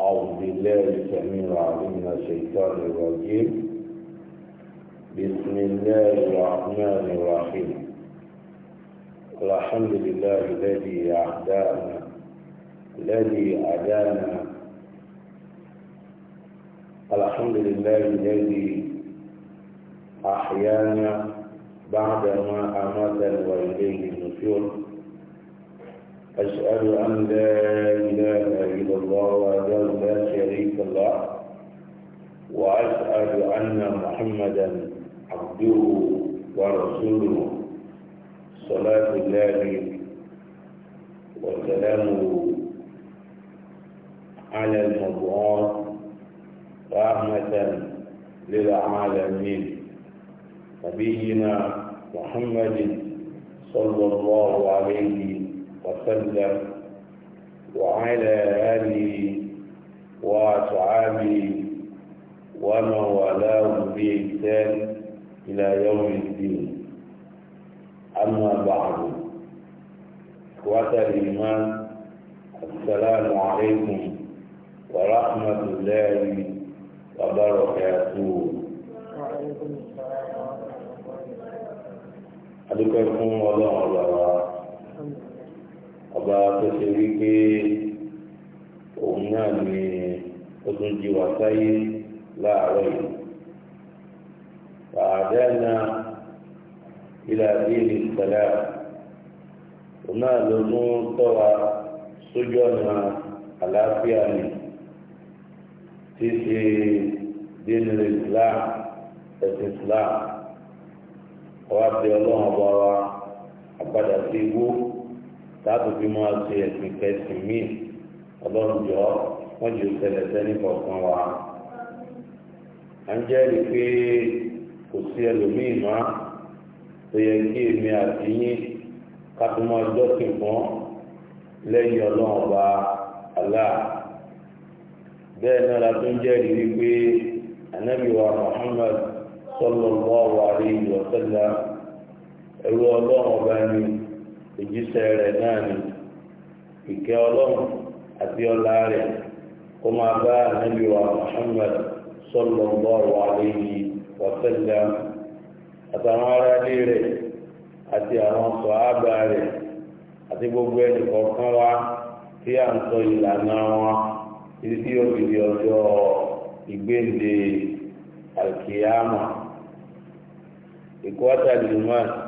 أعوذ بالله السميع العليم من الشيطان الرجيم بسم الله الرحمن الرحيم الحمد لله الذي أهدانا الذي أدانا الحمد لله الذي أحيانا بعدما أماتنا وإليه النشور أشهد أن لا إله إلا الله وحده لا شريك له وأشهد أن محمدا عبده ورسوله صلاة الله وسلامه على المبعوث رحمة للعالمين نبينا محمد صلى الله عليه وسلم وعلى آله وأصحابه ومن والاه بإحسان إلى يوم الدين أما بعد إخوة الإيمان السلام عليكم ورحمة الله وبركاته وعليكم السلام ورحمة الله وبركاته أدعوكم الله ọba tó ṣe wípé òun náà ni ó tún jí wá sáyé láàárọ̀ yìí fàdánà ilà dínì sàlá òun náà ló tún tọ́ wa sójú ọ̀nà àlàáfíà ni tí ṣe dínì Islam ẹ̀sìn Islam ọba bí ọlọ́run ọba wa àpadà sí igbó táàbù bí máa ṣe ẹ̀sìn kẹsìn míì ọlọ́run jọ wọ́n jù sẹlẹ̀ sẹ́ni kọ̀ọ̀kan wa. à ń jẹ́rìí pé kò sí ẹlòmíì mọ́ tó yẹ kí èmi àti yín ká tó máa jọ́sìn fún lẹ́yìn ọlọ́run ọba Allah bẹ́ẹ̀ náà la tún jẹ́rìí wípé ànábì wa Muhammad sallallahu alaihi wa sallam ẹ̀rù ọlọ́run ọba ni ìjíṣẹ́ rẹ̀ náà ni ìkẹ́ ọlọ́run àti ọlá rẹ̀ kó máa bá ànábì wa Muhammad sallallahu alayhi wa sallam àtàwọn ará ilé rẹ̀ àti àwọn sọ̀hábà rẹ̀ àti gbogbo ẹnì kọ̀ọ̀kan wa tí à ń sọ ìlànà wọn títí tí yóò fi di ọjọ́ ìgbéǹde àlùkìyàmà ìkọ́tà lùmọ́ọ̀sì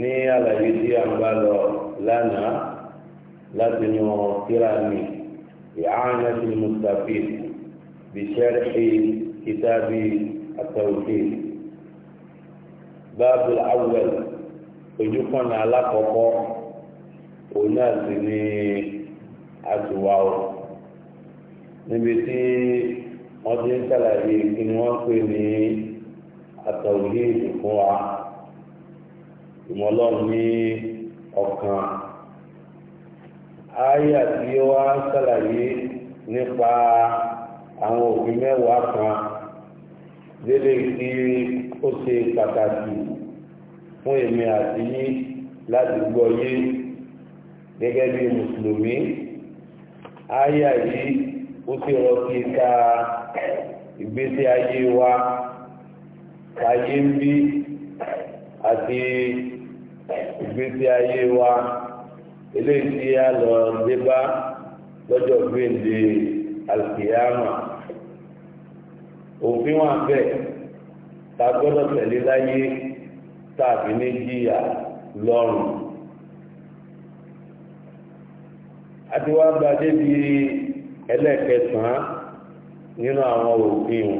ní àlàyé tí a ń bá lọ lánàá láti ní wọn kíra mi ìhánà sí mustapha bisharhi kitabi at-tawhid báàbù awwal ojúkọ̀nà alákọ̀ọ́kọ́ òun náà sì ní àtúwá o níbi tí wọ́n ti ń ṣàlàyé kí ni wọ́n pè ní at fún wa ìmọ̀ ọlọ́run ní ọkàn àyà tí ó wá ṣàlàyé nípa àwọn òfin mẹ́wàá kan délé tí ó ṣe pàtàkì fún èmi àti yín láti gbọ́ yé gẹ́gẹ́ bí mùsùlùmí àyà yìí ó ti rọ kí ká ìgbésí ayé wa káyé ń bí àti ìgbésí ayé wa eléyìí tí a lọ dé bá lọ́jọ́ gbéǹde alkiyama òfin wà bẹ́ẹ̀ ta gbọ́dọ̀ tẹ̀lé láyé tàbí ní jìyà lọ́rùn. àti wá gba débi ẹlẹ́ẹ̀kẹsàn-án nínú àwọn òfin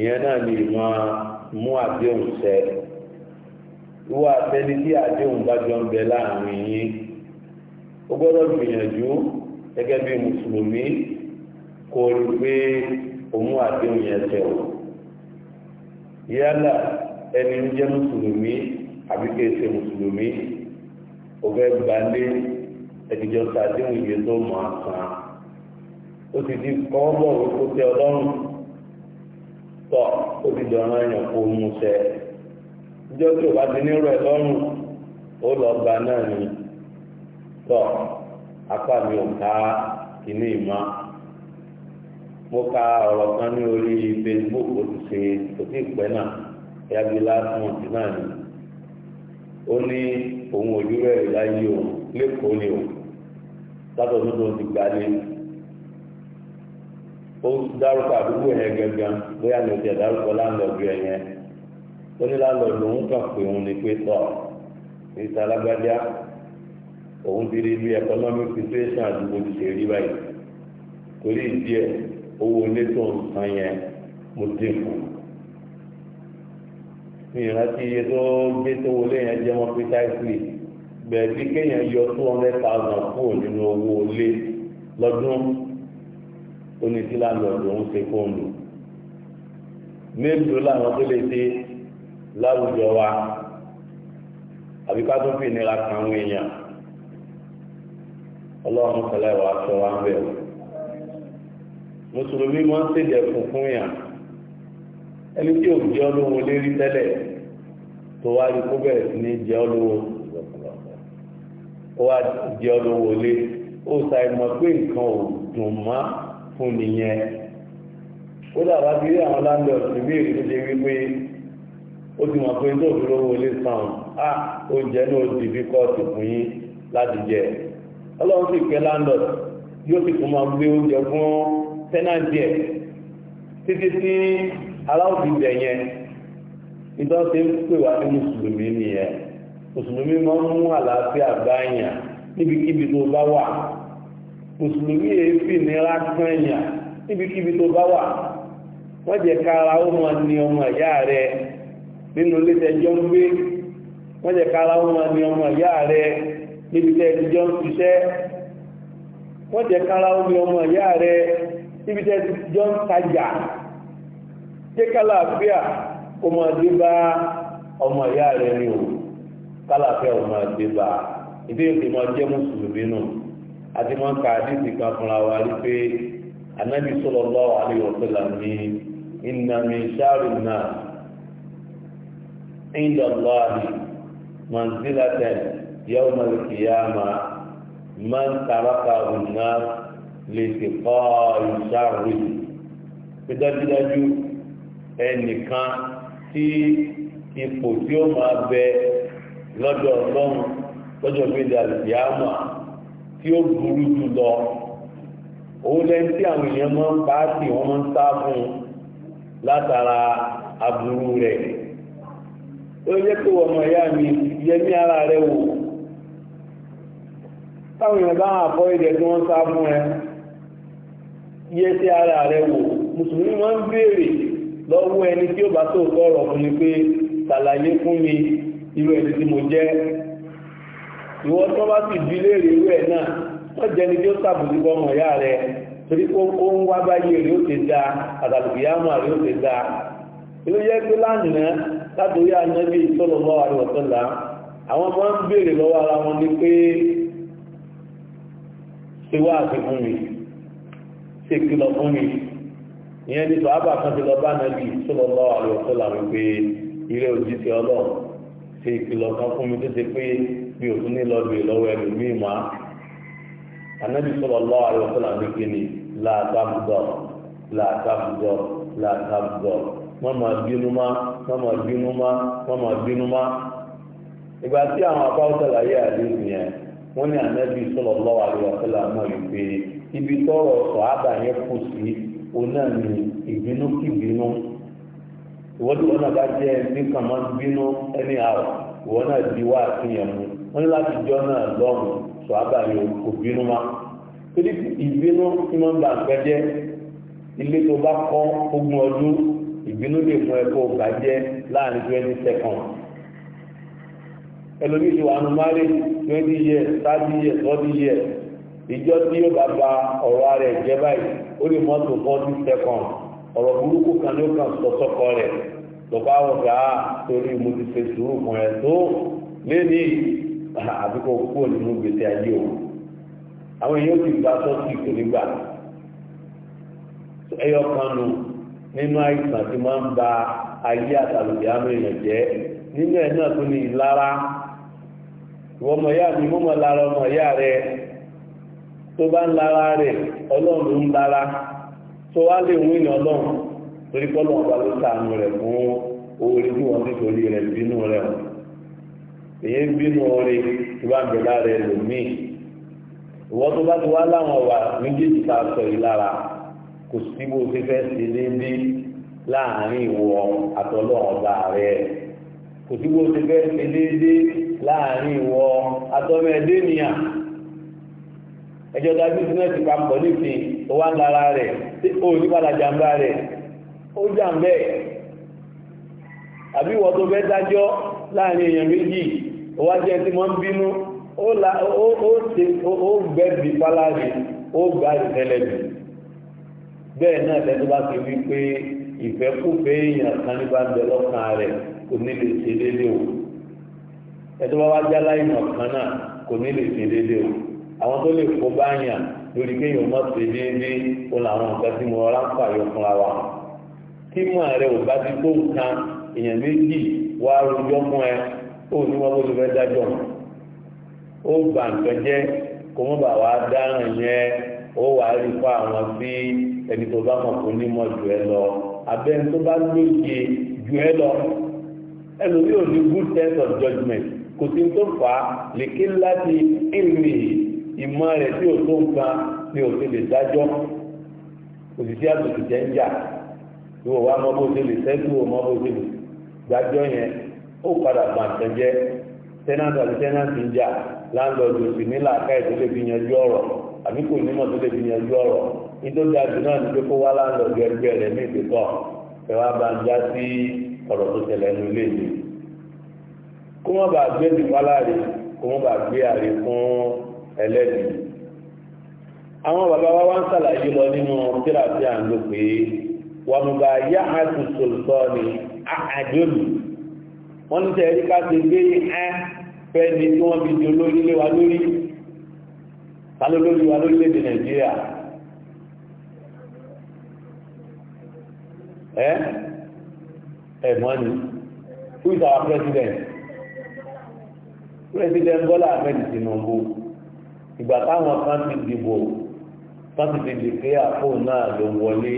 ìyẹn náà ni ìmọ̀ mú àdéhùn ṣẹ ìwọ àtẹni tí àdéhùn bá jọ ń bẹ láàrin yín ó gbọ́dọ̀ gbìyànjú gẹ́gẹ́ bí mùsùlùmí kó rí pé òun àdéhùn yẹn tẹ̀ ọ́ yálà ẹni ń jẹ́ mùsùlùmí àbí kí ẹ ṣe mùsùlùmí ó fẹ́ gbalé ẹ̀dìjọ́ sàdéhùn iye tó mọ̀ àkàn ó ti di kọ́ńbọ̀ wípé ó tẹ ọlọ́run tọ́ ó ti dọ̀rọ̀ ẹ̀yàn kó mú sẹ́ẹ̀. níjọ́ tí ò bá ti nírò ẹ̀ lọ́rùn ó lọ gba náà ni tọ́ apá mi ò ká ìmọ̀ ka ọ̀rọ̀ kan ní orí Facebook kò ti ṣe kò tí ì pẹ́ náà ẹ̀yà last month náà ni ó ní òun ojú rẹ̀ láyé òun lẹ́kọ̀ọ́ ni òun tó ti ó dárúkọ àdúgbò yẹn bóyá ní dárúkọ onílàlọ́ lòun kàn pé òun ni pé tọ́ níta alágbádá òun ti rí bí economic situation àdúgbò ti ṣe rí báyìí torí ìdí ẹ̀ owó ilé tó ń san yẹn mo dínkù mi ìrántí iye tó gbé tó wọlé yẹn jẹ́ mọ́ precisely bẹ̀ẹ̀bí kéèyàn yọ two hundred thousand kúrò nínú owó ilé lọ́dún onídìlá lọ́dún ń ṣe fóònù mélòó làwọn tó lè ṣe láwùjọ wa àbí ká tún fi ìnira kan àwọn èèyàn ọlọ́run kọlẹ́ wa sọ wa ń bẹ̀ wò mùsùlùmí máa ń ṣèdẹ̀kùn fún yàn ẹni tí ò jẹ́ olówó lérí tẹ́lẹ̀ tó wá rí kó bẹ̀rẹ̀ sí ní jẹ́ olówó ó wá jẹ́ olówó lé ó sa ìmọ̀ pé nǹkan ò dùn má fún nìyẹn kódà wá bí àwọn láńdọ̀tì bí èrè tó ṣe wípé ó ti mọ̀ pé tó lówó ilé sàn á oúnjẹ kọ́ọ̀tù fún yín láti jẹ ọlọ́run sì pé landlord yóò sì tún máa gbé oúnjẹ fún tẹ́nàntì ẹ̀ títí tí aláwùjọ yẹn ìtọ́ ń pè wá ní mùsùlùmí nìyẹn mùsùlùmí máa ń mú àlàáfíà níbikíbi tó bá wà mùsùlùmí nira níbikíbi tó bá wà wọ́n jẹ́ ó nínú ilé tẹjọ ń gbé wọ́n jẹ́ kára wọn máa ní ọmọ ìyá rẹ níbi tẹjọ ń ṣiṣẹ́ wọ́n jẹ́ kára wọn ní ọmọ ìyá rẹ níbi tẹjọ ń tajà jẹ́ kálàáfíà kó máa dé bá ọmọ ìyá rẹ ni o kálàáfíà kó máa dé bá jẹ́ mùsùlùmí nù عند الله منزلة يوم القيامة من تركه الناس لتقاء شر بدجدجو ẹnìkan tí ipò tí ó máa bẹ lọ́dọ̀ ọlọ́run lọ́jọ́ gbèdé àlùfíàmà tí ó burú jù lọ òun lẹ́yìn tí àwọn èèyàn máa ń pa á wọ́n máa ń sá fún látara aburú rẹ̀ ó jẹ́ pé wọ́n mọ̀ ìyá mi yẹ ní ara rẹ̀ wò táwọn èèyàn bá wọn àfọ́ ìdẹ̀ tí wọ́n sá fún ẹ yẹ sí ara rẹ̀ wò mùsùlùmí wọ́n ń béèrè lọ́wọ́ ẹni tí ó bá tó sọ̀rọ̀ fún mi pé ṣàlàyé fún mi irú ẹni tí mo jẹ́ ìwọ tó bá sì bí léèrè irú ẹ̀ náà wọ́n jẹ́ ni tí ó sàbùdí bọ́mọ ìyá rẹ̀ torí pé ó ń wá báyé rẹ̀ ó ti dáa àtàlùkìyàmọ̀ rẹ̀ ó ti dáa ilé yẹ pé lánàá látòrí ànábì sallallahu alaihi wasallam àwọn ọmọ ń béèrè lọ́wọ́ ara wọn ni pé ṣe wá àti fún mi ṣe kìlọ̀ fún mi ìyẹn ní sọ́ábà kan ti lọ bá ànábì sallallahu alaihi wasallam wípé ilé òjíṣẹ́ ọlọ́run ṣe ìkìlọ̀ kan fún mi tó ṣe pé mi ò tún ní lọ bèè lọ́wọ́ ẹlòmíì mọ́ ànábì sallallahu alaihi wasallam wípé ni láàtàbùdọ̀ láàtàbùdọ̀ láàtàbùdọ̀ wọ́n máa bínú má wọ́n máa bínú má wọ́n máa bínú má. ìgbà tí àwọn apáwọ́ sàlàyé àdéhùn yẹn wọ́n ní ànábì sallallahu alaihi wasallam mọ̀ wípé ibi tọrọ sọ̀hábà yẹn kù sí òun náà ní ìbínú kí bínú ìwọ́dí wọn náà bá jẹ́ ẹni kan máa ń bínú ẹni àrò ìwọ́n náà di wá àfihàn mu wọ́n ní láti jọ́ náà lọ́rùn sọ abàmì kò ìbínú lè mú ẹ kó bàjẹ́ láàrin twenty seconds ẹlòmíì ti wà nù márì twenty years thirty years forty years ìjọ tí yóò bá ba ọ̀rọ̀ ara ẹ̀ jẹ́ báyìí ó lè mọ́ tó forty seconds ọ̀rọ̀ burúkú kan ló kàn sọ́sọ́kọ rẹ̀ lọ́pọ̀ àwọn ọ̀gá ah, torí mo ti ṣe sùúrù fún ẹ tó léni ah, àbíkọ kúrò nínú gbèsè ayé o àwọn èèyàn ti gba sọ́ọ̀tì kò ní gbà ẹyọ kan nù nínú àìsàn tí máa ń ba ayé àtàlùbí àmì jẹ́ nínú ẹ̀nà tó ní ìlara mi lára ọmọ ìyá rẹ tó bá ń lára rẹ ọlọ́run ń lara tó wá lè wí ní ọlọ́run torí kọ́lọ̀ ọba ló sàánú rẹ̀ fún orí tí wọ́n rẹ̀ bínú rẹ̀ èyí bínú orí tí sọ yìí kò sí bó ṣe fẹ́ ṣe déédéé láàrin ìwọ àtọ́lọ́run ọba rẹ kò sí bó ṣe fẹ́ ṣe déédéé láàrin ìwọ àtọ́mẹ́ẹ́dẹ́nìyàn ẹjọ́ da bísínẹ́sì papọ̀ nífi tó wá ń lára rẹ̀ tí ó ní padà jàmbá rẹ̀ ó jàmbẹ́ àbí ìwọ tó fẹ́ dájọ́ láàrin èèyàn méjì ó wá jẹ́ tí wọ́n ń bínú ó gbẹ́bí pálárí ó gbá ìtẹ́lẹ̀bì bẹ́ẹ̀ náà lẹ́nu bá ti wí pé ìfẹ́kùfẹ́ èèyàn kan ní bá ń bẹ lọ́kàn rẹ̀ kò ní lè ṣe déédé o ẹ̀tọ́ bá wá já láìmọ̀ kan náà kò ní lè ṣe déédé o àwọn tó lè kó báyàn lórí kéèyàn mọ̀ ṣe déédé ó làwọn nǹkan tí mo rárá ń pààyàn fúnra wa tí mọ̀ rẹ ò bá ti tó nǹkan èèyàn méjì wá rojọ́ fún ẹ ó ní wọ́n bó ti fẹ́ dájọ́ ó bà nǹkan jẹ́ kó mọ̀ bà wá dáràn yẹn ó wàá rí fún àwọn bíi ẹni tó bá mọ̀ fún nímọ̀ jù ẹ lọ abẹ́ ẹni tó bá lóye jù ẹ lọ ẹlòmíì ò ní good sense of judgement kò sí tó fà á lèké láti ìrìn ìmọ̀ rẹ̀ tí ò tó nǹkan ni ò ti lè dájọ́ òṣìṣẹ́ àtòkè jẹ́ ń jà ìwọ wa mọ bó ṣe lè sẹ́tù ò mọ bó ṣe lè dájọ́ yẹn ó padà bà tán jẹ́ tẹ́nàtì àti tẹ́nàtì ń jà láńlọ́ọ̀dù òsì nílà káyọ̀ tó lè fi yanjú ọ̀rọ̀ àbí kò nímọ̀ tó lè fi yanjú ọ̀rọ̀ nítorí àjò náà ní pé kó wá láńlọ́ọ̀dù ẹgbẹ́ rẹ̀ ní ìpẹ́tọ̀ ẹ wá bá ń já sí ọ̀rọ̀ tó tẹ̀lẹ̀ ní ilé mi kó wọ́n bá gbé ìpaláre kó wọ́n bá gbé àrè fún ẹlẹ́dìí àwọn bàbá wa wá ń sàlàyé lọ nínú tíra tí a ń lò pé wọ́n mú bá yá àti sòlùsọ́ ni àjòlù wọ́n ní tẹ̀rí ká ti gbé ẹ́ fẹ́ ni tí wọ́n fi di olórí lé wa lórí ta ló lórí wa lórílẹ̀ ẹ́ ẹ̀mọ́ who is our president president Bọ́lá Ahmed Tinubu ìgbà táwọn kan náà ló wọlé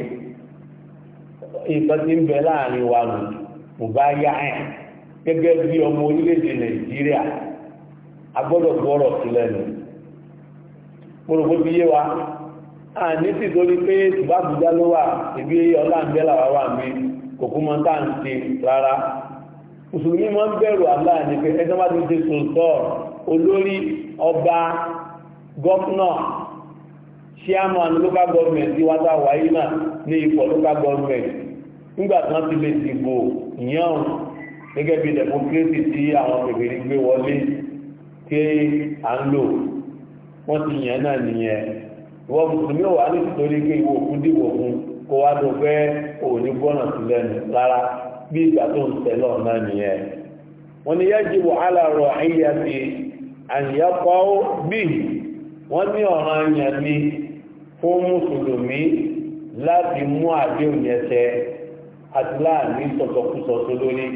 nǹkan ti ń bẹ láàrin wa nù kò ọmọ orílẹ̀-èdè Nàìjíríà a gbọ́dọ̀ gbọ́rọ̀ bí yé àní sì torí pé tùbá àbújá ló wà ìbí ọlá ń bẹ́là wà wà mí kò kú mọ́ tá à ń ṣe rárá mùsùlùmí máa ń bẹ̀rù Allah ní pé ẹjọ́ bá ti ṣe sòtọ́ olórí ọba gọ́fúnà chairman local government tí wọ́n bá wáyé náà ní ipò local government nígbà tí wọ́n ti lè dìbò yàn gẹ́gẹ́ bí democracy tí àwọn bèbèrè gbé wọlé tí à ń lò wọ́n ti yàn náà nìyẹn wọ́n mùsùlùmí wà ní ìtòrí pé ìwò òkú dìbò fún kó wá tó fẹ́ òní gbọ́nà sí lẹ́nu rárá bí ìgbà tó ń tẹ̀lé ọ̀nà nìyẹn wọ́n ní yájí wọ alárọ̀ ayé ti àyẹ́kọ́ bí wọ́n ní ọ̀ràn ayàn ni fún mùsùlùmí láti mú àdéhùn yẹn ṣẹ àti láàní sọ̀tọ̀kùsọ̀ tó lórí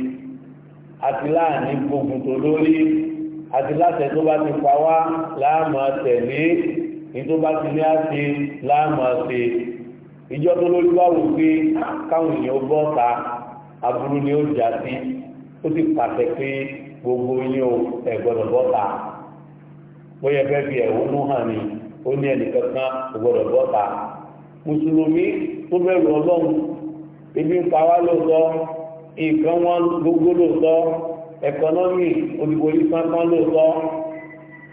àti láàní gbógun tó lórí àti láṣẹ tó bá ti pa wá láàmú àtẹ̀lé tó bá ti ní á ṣe láàmú àṣe ìjọ tó lórí wá wò pé káwọn èèyàn bọ́ ta aburú ni ó jà sí ó sì pàṣẹ pé gbogbo yín o ẹ gbọ́dọ̀ bọ́ ta bóyá fẹ́ fi ẹ̀hónú hàn ni ó ní ẹnìkankan kò gbọ́dọ̀ mùsùlùmí tó bẹ̀rù ọlọ́run ebi ń pa wá lóòótọ́ nǹkan wọn gbogbo lóòótọ́ ẹ̀kọ́nọ́mì òdìbò yìí sáńsán lóòótọ́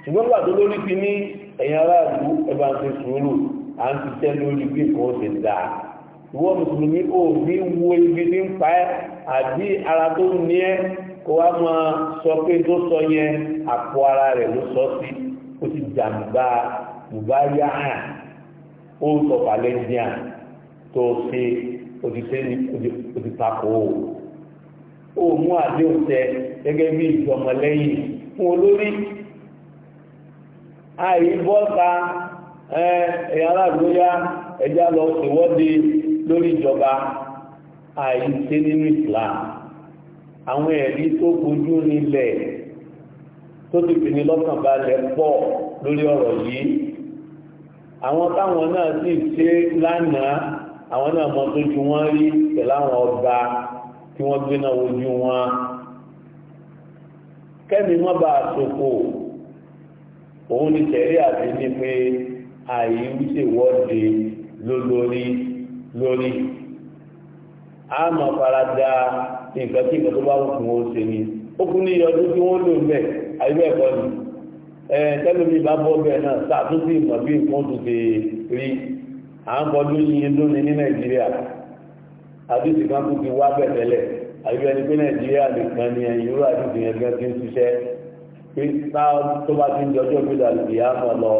ṣùgbọ́n gbàdúró lórí ti ní ẹ̀yin aráàlú ẹ bá ń ṣe sùúrù à ń ṣiṣẹ́ lórí bí nǹkan ṣe dà ìwọ mùsùlùmí ò ní wo ibi ní pa ẹ́ àbí ara tó ní ẹ́ kó wá máa sọ pé tó sọ yẹn àpò ara rẹ̀ ló sọ sí ó ti jàǹbá ìbáyá hàn ó ń sọ pàlẹ́ńdíà tó ṣe òdìsẹ́ni òdìtakò ó mú àdéhùn tẹ gẹ́gẹ́ bí ìjọmọlẹ́yìn fún olórí àìbọ́ta ẹ̀yà alágbóyá ẹjá lọ ìwọ́de lórí ìjọba àìṣe nínú Islam àwọn ẹ̀rí tó gbojú nílẹ̀ tó ti fi ní lọ́kàn balẹ̀ pọ̀ lórí ọ̀rọ̀ yìí àwọn táwọn náà sì ṣe lánàá àwọn náà mọ tó ju wọn rí pẹ̀lú àwọn ọba tí wọ́n gbé náà wojú wọn kẹ́mi mọ́ bá a ṣòfò òun ni tẹ̀lé àti ní pé àyè ń ṣèwọ́de lólórí lórí a máa fara da nǹkan tí nǹkan tó bá wùkún ó ṣe ni ó kún ní ọdún tí wọ́n lò bẹ́ẹ̀ àyíbẹ̀ ẹ̀kọ́ ni tẹ́lẹ̀ mi bá bọ́ bẹ́ẹ̀ náà sàtúnṣe ìmọ̀ bí nǹkan tó ṣe rí à ń kọjú yín lónìí ní nàìjíríà àdúgbò kan tó ti wá bẹ̀ tẹ́lẹ̀ àyíbẹ̀ ni pé nàìjíríà nìkan ni ẹ̀yìn irú àdúgbò yẹn ti ń ṣiṣẹ́ pé tá tó bá ti ń jọjọ́ bí dàbí àmọ́ lọ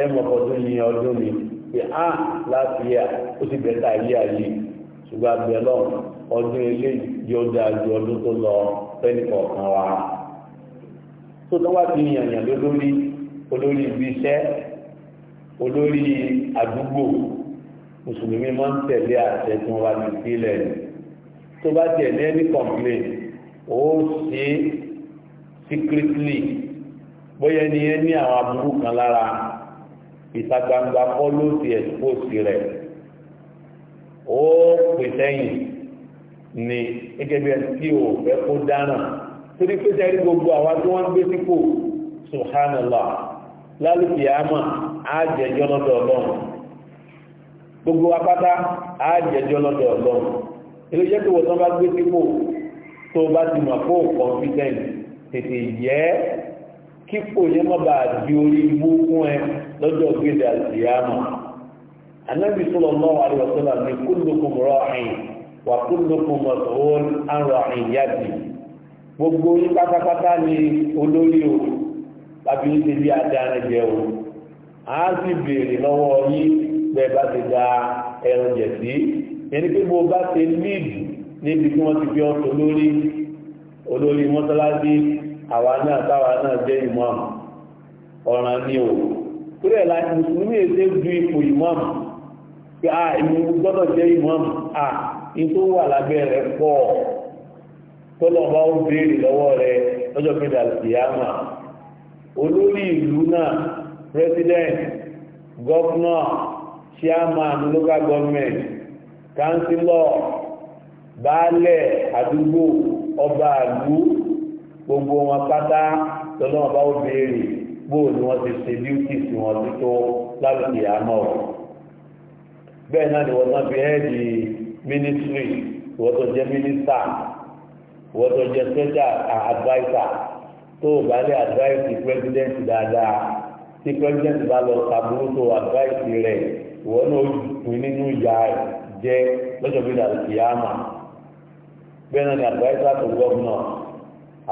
ẹ mọ̀ ọdún ní ọdún mi pé á láti yà ó sì bẹ̀ta ilé ayé ṣùgbọ́n abẹ́ lọ ọdún ilé yóò dáa ju ọdún tó lọ fẹ́ni kọ̀ọ̀kan wa tó tó wá ti yànyàn lólórí olórí ibi iṣẹ́ olórí àdúgbò mùsùlùmí máa ń tẹ̀lé àṣẹ tí wọ́n bá ti sílẹ̀ tó bá tẹ̀lé ẹni kọ̀ǹpilẹ̀ ó ṣe é secretly bóyá ẹni yẹn ní àwọn aburú kan lára ìta gbangba kọ́ ló ti expose rẹ̀ ó pè sẹ́yìn ni gẹ́gẹ́ bí ẹni tí ò fẹ́ kó dáná torí pé sẹ́yìn gbogbo àwa tí wọ́n ń gbé sípò subhanallah lálùkì àmà àjẹjọ́ lọ́dọ̀ ọlọ́run gbogbo apáta àjẹjọ́ lọ́dọ̀ ọlọ́run ilé iṣẹ́ tó wọ́n tán bá gbé sípò tó bá ti mọ̀ fóòkọ̀ fíjẹ́ǹtì tètè yẹ kíkò yẹn má bàa di orí ibú fún ẹ lọ́jọ́ gbèdé àlùyàmọ̀ anábì sallallahu alaihi wasallam ní kullukum ra'in wa kullukum mas'ul an ra'iyyati gbogbo yín pátápátá ni olórí o tàbí ń tẹ̀lé adáran jẹ o a sì béèrè lọ́wọ́ yín bẹ́ẹ̀ bá ti da ẹran jẹ̀ sí ẹni pé mo bá ti líìdì níbi tí wọ́n ti fi ọ̀tọ̀ lórí olórí mọ́sálásí àwa náà táwa náà jẹ́ ìmọ̀ọ̀mù ọ̀ràn ni o kúrẹ̀ la mùsùlùmí èdè ju ipò ìmọ̀ọ̀mù pé a ah, ìmú jẹ́ ìmọ̀ọ̀mù a ah, ìtò wà lábẹ́ rẹ̀ pọ̀ tọ́lọ́ba ó béèrè lọ́wọ́ rẹ̀ lọ́jọ́ kẹta ìyáàmà olórí ìlú náà president governor chairman local government councillor baálẹ̀ àdúgbò ọba àdúgbò gbogbo wọn pátá lọ́nà ọba ó béèrè bóò ni wọ́n ti ṣe duties wọn ti tó lálùkì àmọ́ bẹ́ẹ̀ náà ni wọ́n tán fi hẹ́ẹ̀dì ministry wọ́n tó jẹ́ minister wọ́n tó jẹ́ special adviser tó o bá lé advice ti president dáadáa tí president bá lọ sàbúrú tó advice rẹ̀ ìwọ náà ó pin nínú ìyá jẹ́ lọ́jọ́ bí lálùkì àmọ́ bẹ́ẹ̀ náà ni adviser tó gọ́vnọ̀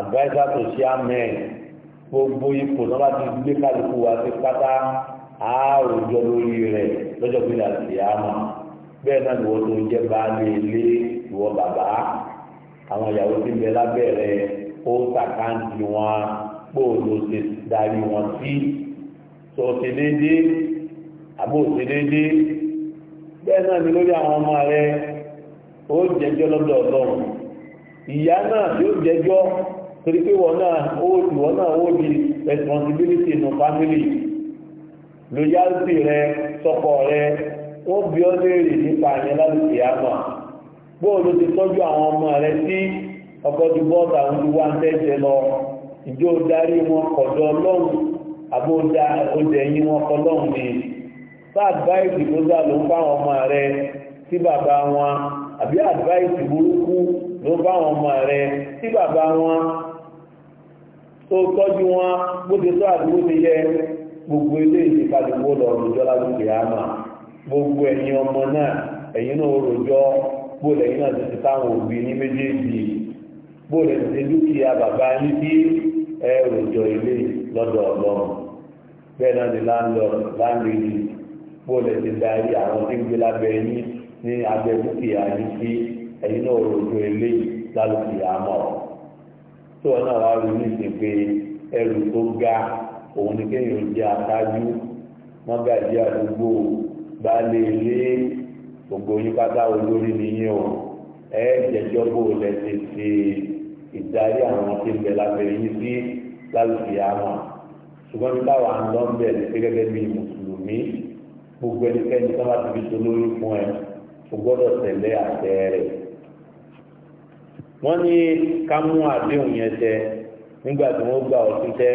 advisor tó ṣe amẹ́ gbogbo ipò náà bá ti gbé kálukú wa sí pátá àròjọ lórí rẹ̀ lọ́jọ́ pé láti àmọ́ bẹ́ẹ̀ náà ni wọ́n tó ń jẹ́ baálé ilé ìwọ bàbá àwọn ìyàwó tí ń bẹ lábẹ́rẹ̀ ó sàkáǹtì wọn gbòòlò ṣe darí wọn sí tó ṣe déédéé àbò ṣe déédéé bẹ́ẹ̀ náà ni lórí àwọn ọmọ rẹ̀ ó jẹ́jọ́ lọ́dọ̀ ìyá náà yóò jẹ́jọ́ torí pé wọ́n náà ó wọ́n náà ó responsibility nù family loyalty rẹ sọ́kọ rẹ wọ́n bí ọ́ léèrè nípa àyẹn lálùkì àmà bóòlù ti tọ́jú àwọn ọmọ rẹ tí ọkọ̀ ti bọ́ọ̀tà ń lu wá ń tẹ́jẹ lọ ìjọ darí wọn kọ̀dọ̀ ọlọ́run àbó ọjà ẹ̀yìn wọn kọ lọ́run ni sáà advice tó dá ló ń fáwọn ọmọ rẹ sí bàbá wọn àbí advice burúkú ló ń fáwọn ọmọ rẹ sí bàbá wọn tó tọ́jú wọn bó ti tó àti bó ti yẹ gbogbo ilé ìdíkàdùgbò lọ rojọ́ lágbègbè àmà gbogbo ẹ̀yin ọmọ náà ẹ̀yin náà rojọ́ bóòlù ẹ̀yin náà ti ti táwọn òbí ní méjèèjì bóòlù ẹ̀yin ti dúkìá bàbá yín bí ẹ rojọ́ ilé lọ́dọ̀ ọlọ́run bẹ́ẹ̀ náà ni landlord landlady bóòlù ẹ̀ ti darí àwọn tí ń gbé lábẹ́ yín ní abẹ́ dúkìá yín sí ẹ̀yin náà rojọ́ ilé lálùkìá mọ́ ọ́ tó wọn náà wá rí ní ìsìn pé ẹrù tó ga òun ni kéèyàn jẹ aṣáájú mọ́gàjí àdúgbò baálé ilé gbogbo yín pátá olórí nìyẹn o ẹ jẹjọ bò lẹsẹ ṣe ìdarí àwọn tí ń bẹ lábẹ́rẹ́ yín sí lálùfẹ́ àwọn ṣùgbọ́n ní táwa ń lọ bẹ̀ gẹ́gẹ́ bí mùsùlùmí gbogbo ẹnikẹ́ni tó bá ti fi ṣolórí fún ẹ o gbọ́dọ̀ tẹ̀lé àtẹ rẹ̀. wọ́n ní ká mú àdéhùn tẹ nígbà wọ́n gbà ọtí tẹ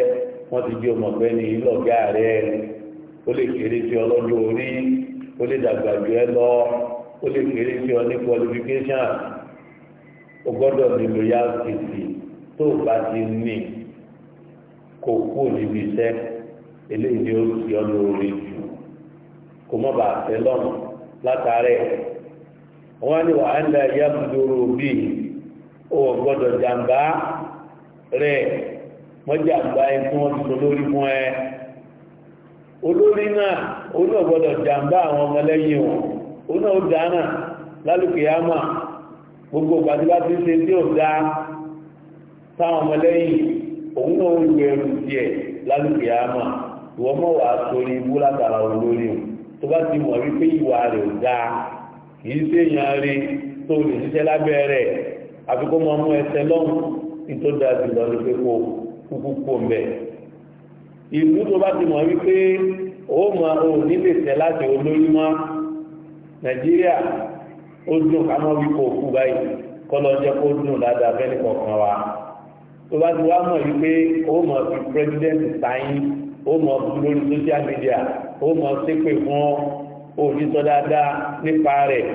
wọ́n ti di ọmọọ̀gbẹ́ ní ìlọ̀gá rẹ̀ ó lè kéré sí ọlọ́jọ́ orí ó lè dàgbà jù ẹ lọ ó lè kéré sí ọ ní qualification o gbọ́dọ̀ ní loyalty tó o bá ti ní kó kú níbi iṣẹ́ eléyìí ni ó ọ jù bàa fẹ́ lọ́nà wọ́n á ò gbọ́dọ̀ jàǹbá rẹ̀ wọ́n jàǹbá ẹ tí wọ́n ti sọ lórí mọ́ ẹ olórí náà ó náà gbọ́dọ̀ jàǹbá àwọn ọmọlẹ́yìn wọn ó náà ó dáná lálùkì yámà gbogbo ìgbàdí bá ti ṣe tí ò dá táwọn ọmọlẹ́yìn òun náà ó lu ẹrù díẹ̀ lálùkì yámà sórí ibú látara tó bá ti mọ̀ wípé àfi kó máa mú ẹsẹ̀ lọ́hùn nítorí dáa jùlọ ní pé kó kúkú kó ń bẹ̀. ìlú tó bá ti mọ̀ wípé ó máa ò ní lè tẹ̀ láti olórí mọ́ nàìjíríà ó dùn ká mọ́ wípé òkú báyìí kọ́ lọ jẹ́ kó dùn dáadáa fẹ́ni kọ̀ọ̀kan wa tó bá ti wá mọ̀ wípé ó máa fi president sáyìn ó máa lórí social media ó máa ṣépè fún òní sọ dáadáa nípa rẹ̀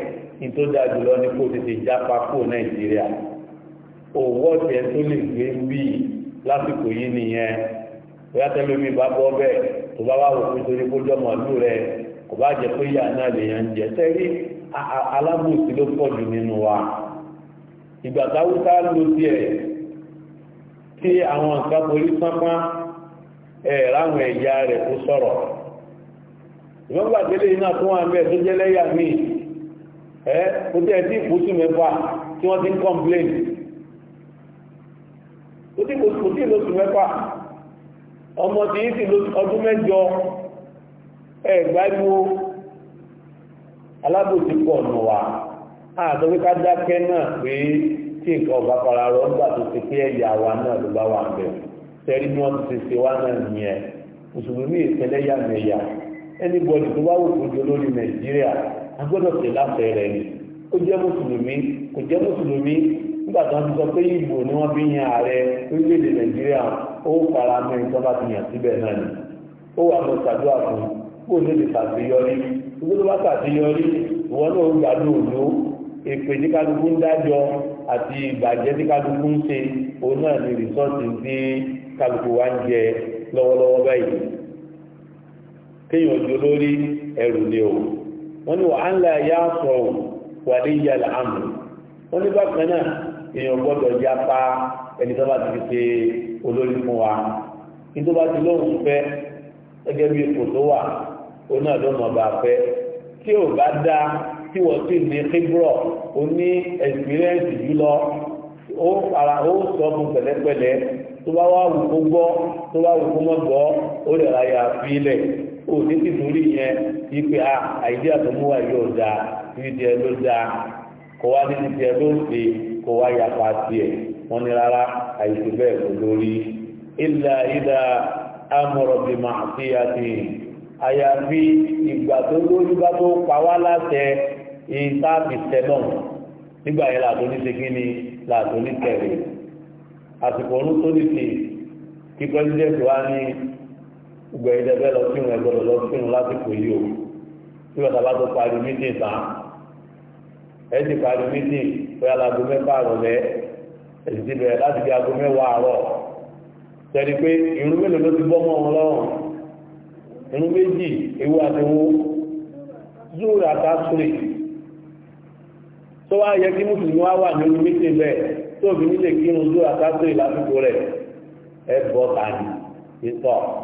tó dáa jùlọ ní kó tètè jápa kó nàìjíríà òwò ọ̀tẹ̀ tó lè gbé wí lásìkò yìí nìyẹn bóyá tẹlómi bá bọ́ bẹ́ẹ̀ tó bá wà wò torí kó jọmọ rẹ kò bá jẹ pé yàrá náà lèèyàn ń jẹ ló pọ̀ jù nínú wa ìgbà ló tiẹ̀ tí àwọn nǹkan sánpá ẹ̀ ráwọn ẹ̀yà rẹ̀ tó sọ̀rọ̀ gbàgbélé iná tó jẹ́ ẹ́ kò tí ẹ tí ìfòsù mẹ́fà tí wọ́n ti ń complain kò tí kò tí lóṣù mẹ́fà ọmọ tí ń sì ọdún mẹ́jọ ẹ̀ gbájú alábòsí pọ̀ nù wá ká dákẹ́ náà pé tí nǹkan ọba fara rọ nígbà tó ti pé ẹ̀yà wa náà ló bá wà bẹ̀ tẹ́rí ni wọ́n ti ṣe wá náà nìyẹn mùsùlùmí ìpínlẹ̀ agbọ́dọ̀ tẹ̀ láfẹ́ rẹ̀ ni ó jẹ́ mùsùlùmí kò jẹ́ mùsùlùmí nígbà tó ń sọ pé ìbò ni wọ́n fi yan ààrẹ orílẹ̀-èdè nàìjíríà ó fara mọ́ ìtọ́ bá ti yàn síbẹ̀ náà ni ó wà lọ ṣàdúrà fún kó lè lè ṣàṣeyọrí gbogbo bá ṣàṣeyọrí ìwọ náà ń gbádùn òjò èpè tí kálukú ń dájọ àti ìbàjẹ́ tí kálukú ń ṣe òun náà ni rìsọ́ọ̀tì tí kálukú wa ń jẹ lọ́wọ́lọ́wọ́ báyìí kéèyàn jọ lórí ẹrù ni o wọ́n ní wàá ńlá ya sọ̀rọ̀ wà ní ìyá àmì wọ́n ní bákan náà èèyàn gbọ́dọ̀ ya pa ẹni tó bá ti fi ṣe olórí fún wa ní tó bá ti lóhùn fẹ́ gẹ́gẹ́ bí ipò tó wà ó náà ló mọ̀ bá fẹ́ tí ò bá dá tí wọ́n sì ní kíbrọ̀ ó ní ẹ̀sìpírẹ́ǹsì jùlọ ó ara ó sọ fún pẹ̀lẹ́pẹ̀lẹ́ tó bá wà wù kó gbọ́ tó bá wù kó mọ̀ gbọ́ ó lè ra yà á o ní ti múlí yẹn ipe a àìdí àtọmúwà yóò da ní tiẹ ló da kó wá ní tiẹ ló ṣe kó wá yapa tiẹ wọn ni rárá àìsí bẹ́ẹ̀ kò lórí ilà ìdá amọ̀rọ̀bì máa fi àti àyàfi ìgbà tó lójú bá tó pa wá látẹ ìtàbí tẹnọ nígbà yẹn làtò ní segin làtò ní tẹrẹ àsìkò ọdún tó ní ti kí pẹ́sidẹ́ntì wa ní gbogbo ẹ̀yin tẹ́ fẹ́ lọ sínú ẹ gbọ́dọ̀ lọ sínú lásìkò yìí o tí wọn tàbá tó parí mítìn tán ẹ ti parí mítìn bóyá láago mẹ́fà rọ̀lẹ́ ẹ ti bẹ̀rẹ̀ láti di aago mẹ́wàá àárọ̀ tẹ̀lé pé irun mélòó ló ti bọ́ mọ́ wọn lọ́rùn irun méjì ewu àtiwó zúù àtàkùrè tó wá yẹ kí mùsùlùmí wá wà nínú mítìn bẹ́ẹ̀ tó òbí nílé kírun zúù àtàkùrè lásìkò rẹ̀ ẹ bọ́ tani ìtọ́.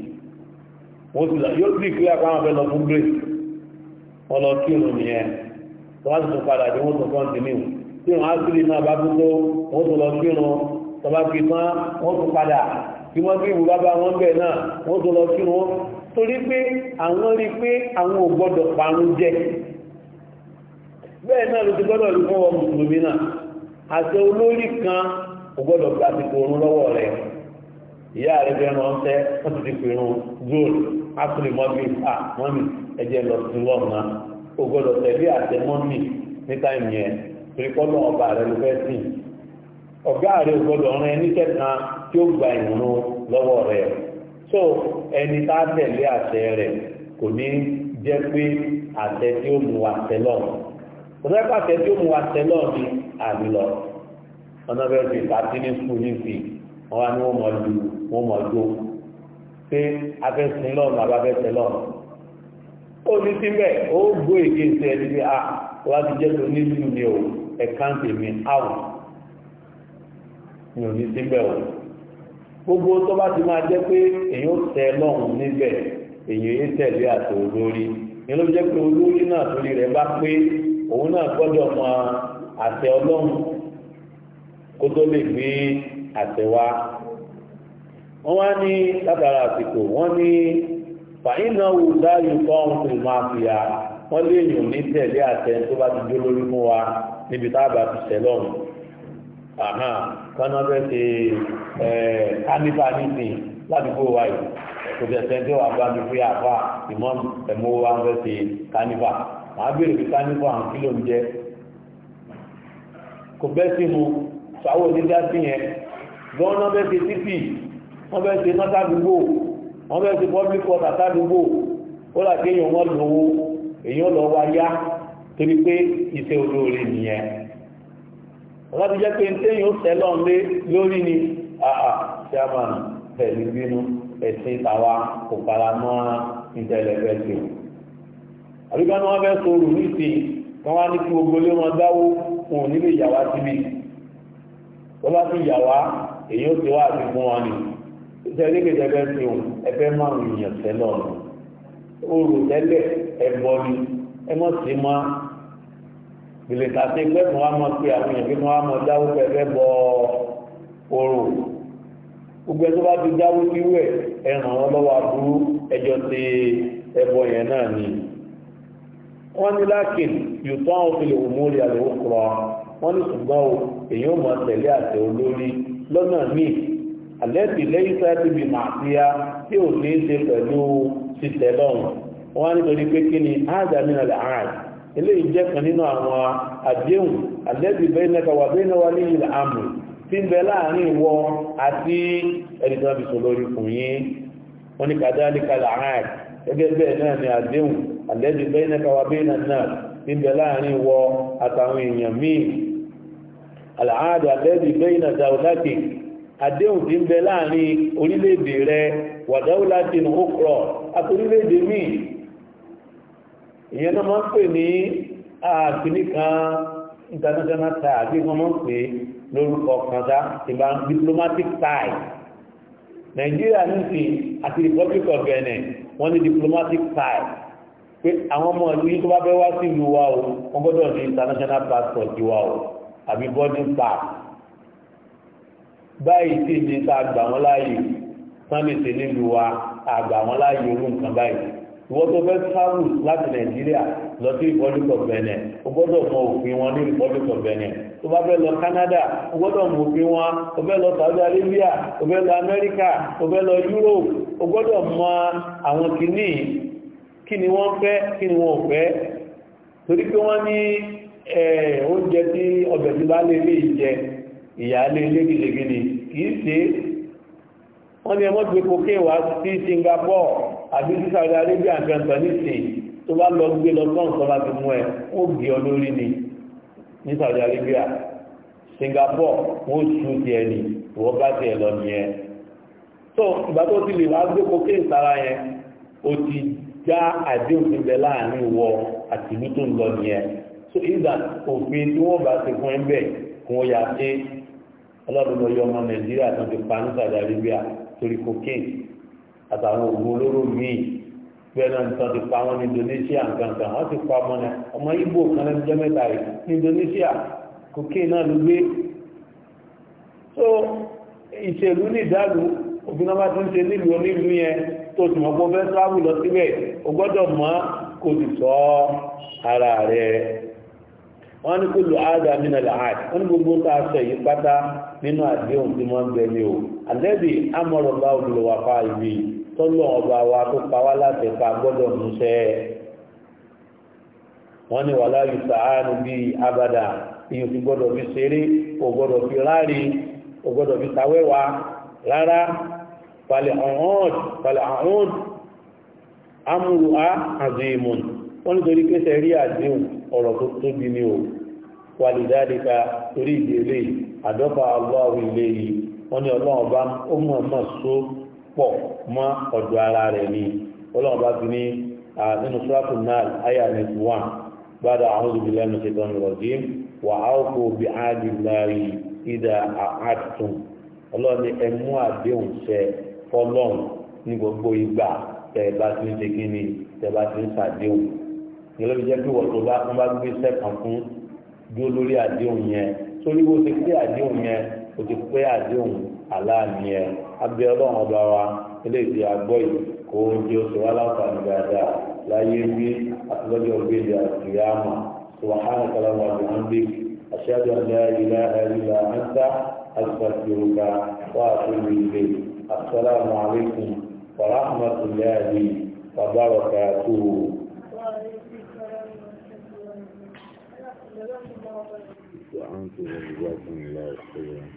wọ́n ti yóò sì kí apá wọn fẹ́ lọ fún grace wọ́n lọ kí òun nìyẹn tó wá sì tún padà dé wọ́n tún continue tí wọ́n á sì lè náà bá tún tó wọ́n tún lọ kí òun tọba fi tán wọ́n lọ́wọ́ rẹ̀ ìyá rẹ̀ fẹ́ràn ọ́n tẹ́ ti ti pèrún zone ápùlẹ̀ mọ́bí à ah, mọ́mí ẹjẹ́ lọ sí lọ́nà o gbọ́dọ̀ tẹ̀lé àtẹ mọ́mí ní táìmù yẹn torí kọ́lọ́ ọba rẹ ló fẹ́ sìn ọ̀gá rẹ o gbọ́dọ̀ rán ẹni kẹta tí ó gba ìrún lọ́wọ́ rẹ so ẹni tá a tẹ̀lé àtẹ rẹ kò ní jẹ́ pé àtẹ tí ó mú wa tẹ lọ òṣèpá àtẹ tí ó mú wa tẹ lọ ni àmì lọ ọ̀nà bẹ́ẹ̀ fi ìtàtí ní sùkúl ní wọn wá ní wọn mọ̀ ju wọn mọ̀ ju pé afẹ́sìn lọ́nà àbáfẹ́sìn lọ́nà ó ní síbẹ̀ ó gbó èké sí ẹni bí a wá ti jẹ́ tó nílùú ni o ẹ̀káǹtì mi áwù mi ò ní síbẹ̀ o gbogbo tó bá ti máa jẹ́ pé èyàn tẹ lọ́hùn níbẹ̀ èyàn yé tẹ̀lé àti olórí ni ló jẹ́ pé olórí náà torí rẹ̀ bá pé òun náà gbọ́dọ̀ mọ àtẹ ọlọ́hùn kó tó lè gbé àtẹ wá wọ́n wá ní látara àsìkò wọ́n ní fàyínà wù dáyù tọ́hún tó máa fi ya wọ́n léèyàn ní tẹ̀lé àtẹ tó bá ti jó lórí mú wa níbi táàbà ti sẹ́lọ̀mù àhán kọ́nà fẹ́ ṣe kánífà nísìn ládùúgbò wa yìí kò bẹ̀rẹ̀ sẹ́ńtẹ́ wà bá mi fi àfà ìmọ̀ ẹ̀mọ́ wa fẹ́ ṣe kánífà màá béèrè fi kánífà àwọn kílò ń jẹ́ kò bẹ́ sí mu sáwọ́ onídàá sí yẹn gbọ́n náà fẹ́ ṣe títì wọ́n fẹ́ ṣe náà sádùúgbò wọ́n fẹ́ ṣe public quarter sádùúgbò ó là kéèyàn wọ́n lówó èèyàn lọ wá yá torí pé iṣẹ́ olóore nìyẹn wọ́n ti jẹ́ pé téèyàn ó sẹ́lọ̀ lé lórí ni àà chairman pẹ̀lú bínú ẹ̀sìn tàwa kò fara mọ́ ìtẹ̀lẹ̀ fẹ́ sí i àbíká ni wọ́n fẹ́ sọ̀rọ̀ nísìnyí wọ́n wá ní kí gbogbo lé wọn dáwó wọn nílé ìyàwó síbí wọ́n bá ti yàwá èyí ó ti wá àti fún wọn ni ìtẹ̀lé kejìlẹ́ ti hùn ẹ̀fẹ́ máa ń yàn tẹ́lẹ̀ ọ̀nà oòrùn tẹ́lẹ̀ ẹ̀bọ ni ẹ mọ̀ sí mọ́ gbèlè tàbí pé wọ́n á mọ̀ pé àwọn èèyàn pé wọ́n á mọ̀ dáwó pẹ̀lẹ́ bọ oòrùn gbogbo ẹni tó bá ti dáwó wíwẹ̀ ẹ̀ràn ọlọ́wọ́ aburú ẹjọ́ ti ẹ̀bọ yẹn náà ni wọ́n ní lákìn yòtọ́ àwọn òfin òmórí àlèwò kọ́ wọ́n ní ṣùgbọ́n èèyàn mọ̀ tẹ̀lé àtẹ olórí lọ́nà míì àlẹ́tì lẹ́yìn sáàtì bí màá sí ya tí ò ní ṣe pẹ̀lú títẹ̀ lọ́rùn wọn á nítorí pé kí ni áàdàmínà lè hàn eléyìí jẹ́ kan nínú àwọn àdéhùn àlẹ́tì bẹ́ẹ̀ nẹ́ka wà bẹ́ẹ̀ náwà ní ilẹ̀ àmì tí ń bẹ láàrin ìwọ àti ẹni tó fi sòlórí fún yín wọn ní kàdá ní kalà hàn gẹ́gẹ́ bẹ́ẹ̀ náà ni àdéhùn àlẹ́tì bẹ́ẹ̀ nẹ́ka wà bẹ́ẹ̀ náà tí ń àdéhùn tí ń bẹ láàrin orílẹ̀-èdè rẹ wàdáwùlá ti nù ó kọ̀ àti orílẹ̀-èdè míì ìyẹn náà máa ń pè ní àkíní kan international tie àbí wọ́n máa ń pè lórúkọ kan sá diplomatic tie nàìjíríà nìsín àti republic of benin wọ́n ní diplomatic tie pé àwọn ọmọ ìlú yìí tó bá fẹ́ wá sí ìlú wa o wọ́n gbọ́dọ̀ ní international passport wa o àbí boarding pass báyìí tí ní ta gbà wọ́n láàyè sánlẹ̀ tẹ̀ nílùú wa àgbà wọ́n láàyè orú nǹkan báyìí ìwọ́n tó fẹ́ travel láti nàìjíríà lọ sí republic of o gbọ́dọ̀ mọ òfin wọn ní republic of benin bá fẹ́ lọ canada o gbọ́dọ̀ mọ òfin wọn o fẹ́ lọ saudi arabia o fẹ́ lọ america o fẹ́ lọ europe o gbọ́dọ̀ mọ àwọn kìíní kí ni wọ́n fẹ́ kí ni wọ́n fẹ́ torí pé wọ́n ní oúnjẹ tí ọbẹ̀ tí bá lè lè jẹ ìyá lè lé gidigidi kìí ṣe wọ́n ní ẹmọ́ gbé kókè wá sí Singapore àbí sí Saudi Arabia gbẹ̀ntàn nísìn tó bá lọ gbé lọ sọ́ọ̀n tó bá ti mú ẹ ó gbé ọ lórí ni ní Saudi Arabia Singapore wọ́n sùn tiẹ̀ ni ìwọ́n bá tiẹ̀ lọ nìyẹn tó ìgbà tó ti lè wá gbé kókè sára yẹn ó ti já àdéhùn ti bẹ láàrin wọ àtìlú tó ń lọ nìyẹn so ìgbà òfin tí wọ́n bá ti fún ẹ bẹ́ẹ̀ kí wọ́n yà á ọlọ́run lọ yọ ọmọ nàìjíríà tó ti pa ní Saudi Arabia torí cocaine àtàwọn oògùn olóró míì bẹ́ẹ̀ nìkan ti pa wọn ní Indonesia gangan wọ́n ti pa ọmọ náà ọmọ Igbo kan lẹ́nu jẹ́ mẹ́ta rẹ̀ ní Indonesia cocaine náà ló gbé so ìṣèlú nìdálù òfin náà bá tún ṣe nílùú onílùú yẹn tó ti mọ̀ pé ó fẹ́ sáàbù lọ síbẹ̀ ó gbọ́dọ̀ mọ̀ kó ti sọ ara rẹ̀ wọ́n ní kó lu ága mí nàlẹ́ àd wọ́n ní gbogbo tá a sọ yìí pátá nínú àdéhùn tí wọ́n bẹ ní o àlẹ́bí amọ̀rọ̀ bá òdòdó wà fà ibi tọ́lọ̀ ọba wa tó pa wá láti pa gbọ́dọ̀ múṣẹ́ wọ́n ní wàhálà yìí sàánù bíi abada ìyẹn ti gbọ́dọ̀ fi ṣeré o gbọ́dọ̀ fi ráre o gbọ́dọ̀ fi tawẹ́wà rárá falẹ̀ ọ̀hún falẹ̀ ọ̀hún amúrù àzìmùn wọ́n nítorí pé sẹ́rí àdéhùn ọ̀rọ̀ tó tóbi ni o wàlìdáríka torí ìdílé àdọ́fà aláwọ̀ ilé yìí wọ́n ní ọlọ́run bá ó mọ̀ mọ̀ só pọ̀ mọ́ ọ̀dọ̀ ara rẹ̀ ni ọlọ́run bá fi ní nínú sọ́ràtù náà àyà nẹ́tì wàn gbádà àwọn olùbílẹ̀ ní ṣètò ìrọ̀jì wà á kó bí áàdì láàrí ìdá àtún ọlọ́run ní àdéhùn ṣẹ fọlọ́run ní gbogbo ìgbà tẹ̀ bá ti ń ṣe kí ni tẹ̀ bá ti ń ṣàdéhùn ìlú ìjẹ́ pé wọ́n tó bá wọ́n bá gbé sẹ́kàn fún dúró lórí àdéhùn yẹn torí bó ti pé àdéhùn yẹn o ti pé àdéhùn aláàmì ẹ abẹ ọlọ́run ọba wa eléyìí agbọ́ yìí kó o jẹ oṣù aláǹfààní dáadáa láyé bí àtúbọ̀jọ́ gbèdé àtìyáàmà subahana kalamu alhamdi ashadu an la ilaha illa anta astaghfiruka wa atubu ilayk assalamu alaikum wa rahmatullahi wa barakatuhu. وأنتم وجزاكم الله خيرا